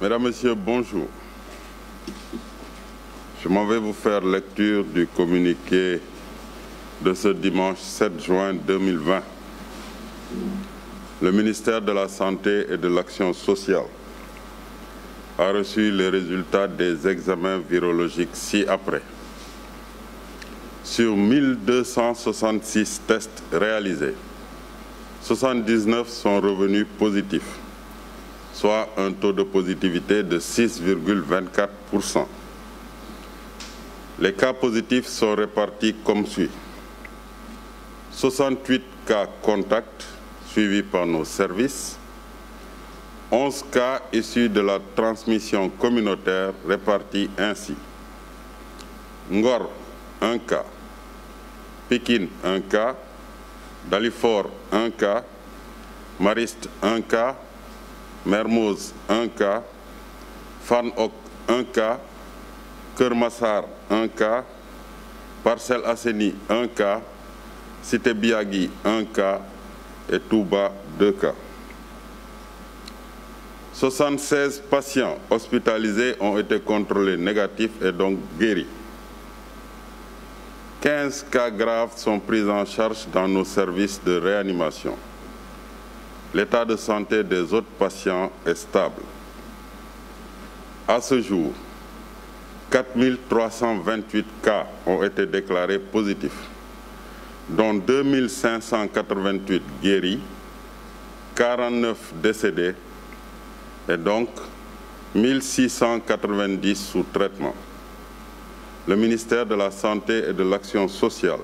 Mesdames, Messieurs, bonjour. Je m'en vais vous faire lecture du communiqué de ce dimanche 7 juin Le ministère de la Santé et de l'Action sociale a les résultats des examens virologiques ci-après. Sur 1266 tests réalisés, 79 sont revenus positifs soit un taux de positivité de 6,24 pour cent. Les cas positifs sont répartis comme suit. 68 cas contacts suivis par nos services, 11 cas issus de la transmission communautaire répartis ainsi. Ngor, 1 cas. Pikine, 1 cas. Dalifort, Mermoz un cas Fann Hock un cas Keur Massar un cas Parcelles Assainies un cas Cité Biagui un cas et Touba deux cas. 76 patients hospitalisés ont été contrôlés négatifs et donc guéris. quinze cas graves sont pris en charge dans nos services de réanimation. l'état de santé des autres patients est stable. À ce jour, 4328 cas ont été déclarés positifs, dont 2588 guéris, 49 décédés et donc 1690 sous traitement. Le ministère de la Santé de l'Action sociale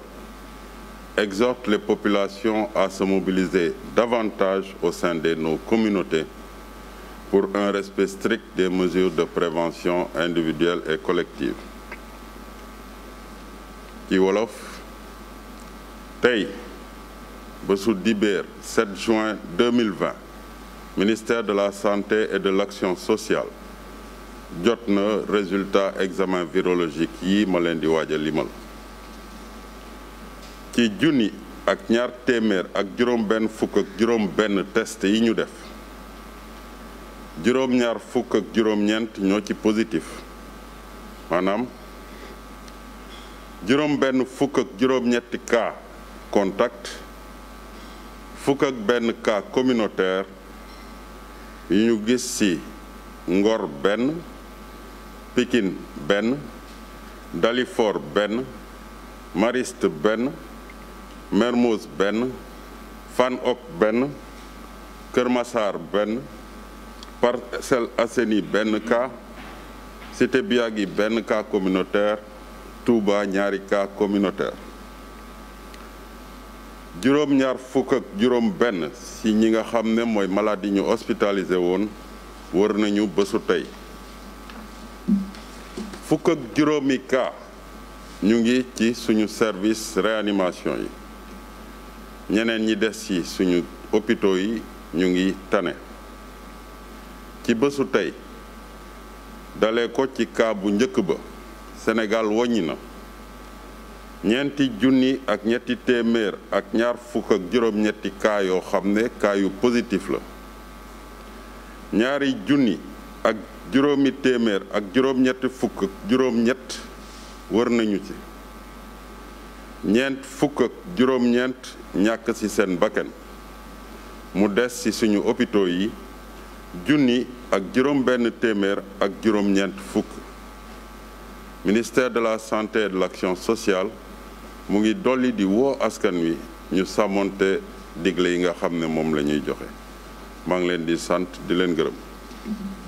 exhorte les populations à se mobiliser davantage au sein de nos communautés pour un respect strict des mesures de prévention individuelle et collective ci wolof tey bésu dibéer 7 juin 2020 ministère de la santé et de l'action sociale jot na résultat examen virologique yi ma leen di waaj a limal ci junni ak ñaar téeméer ak juróom-benn fukk ak juróom-benn test yi ñu def juróom ñoo ci positif maanaam juróom-benn fukk ak juróom contact fukk ak benn ñu gis ci Ngor benn Pikine benn dalifor benn Mariste benn. Mermoz benn Fann benn kërmasaar benn Parcelles Assainies benn cas Cité Biagui benn kaa communautaire Touba ñaari cas communautaire juróom ñi nga xam ne mooy malade yi ñu hospitalisé woon wër nañu bësu tey fukk ak juróomi cas ñu ngi ci suñu service réanimation yi ñeneen ñi des ci suñu hôpitaux yi ñu ngi tane ci bésu tey dale ko ci cas njëkk ba senegal woññi na ñeenti junni ak ñetti téeméer ak ñaar fukk ak juróom-ñetti cas yoo xam ne kaayu yu positif la ñaari junni ak juróomi téeméer ak juróom-ñetti fukk ak juróom-ñett wër nañu ci ñeent fukk ak juróom-ñeent ñàkk ci seen bakkan mu des ci suñu hôpitaux yi junni ak juróom-benn téeméer ak juróom-ñeent fukk ministère de la santé et de l'action sociale mu ngi dolli di woo askan wi ñu sàmmoonte digle yi nga xam ne moom lañuy joxe maa ngi leen di sant di leen gërëm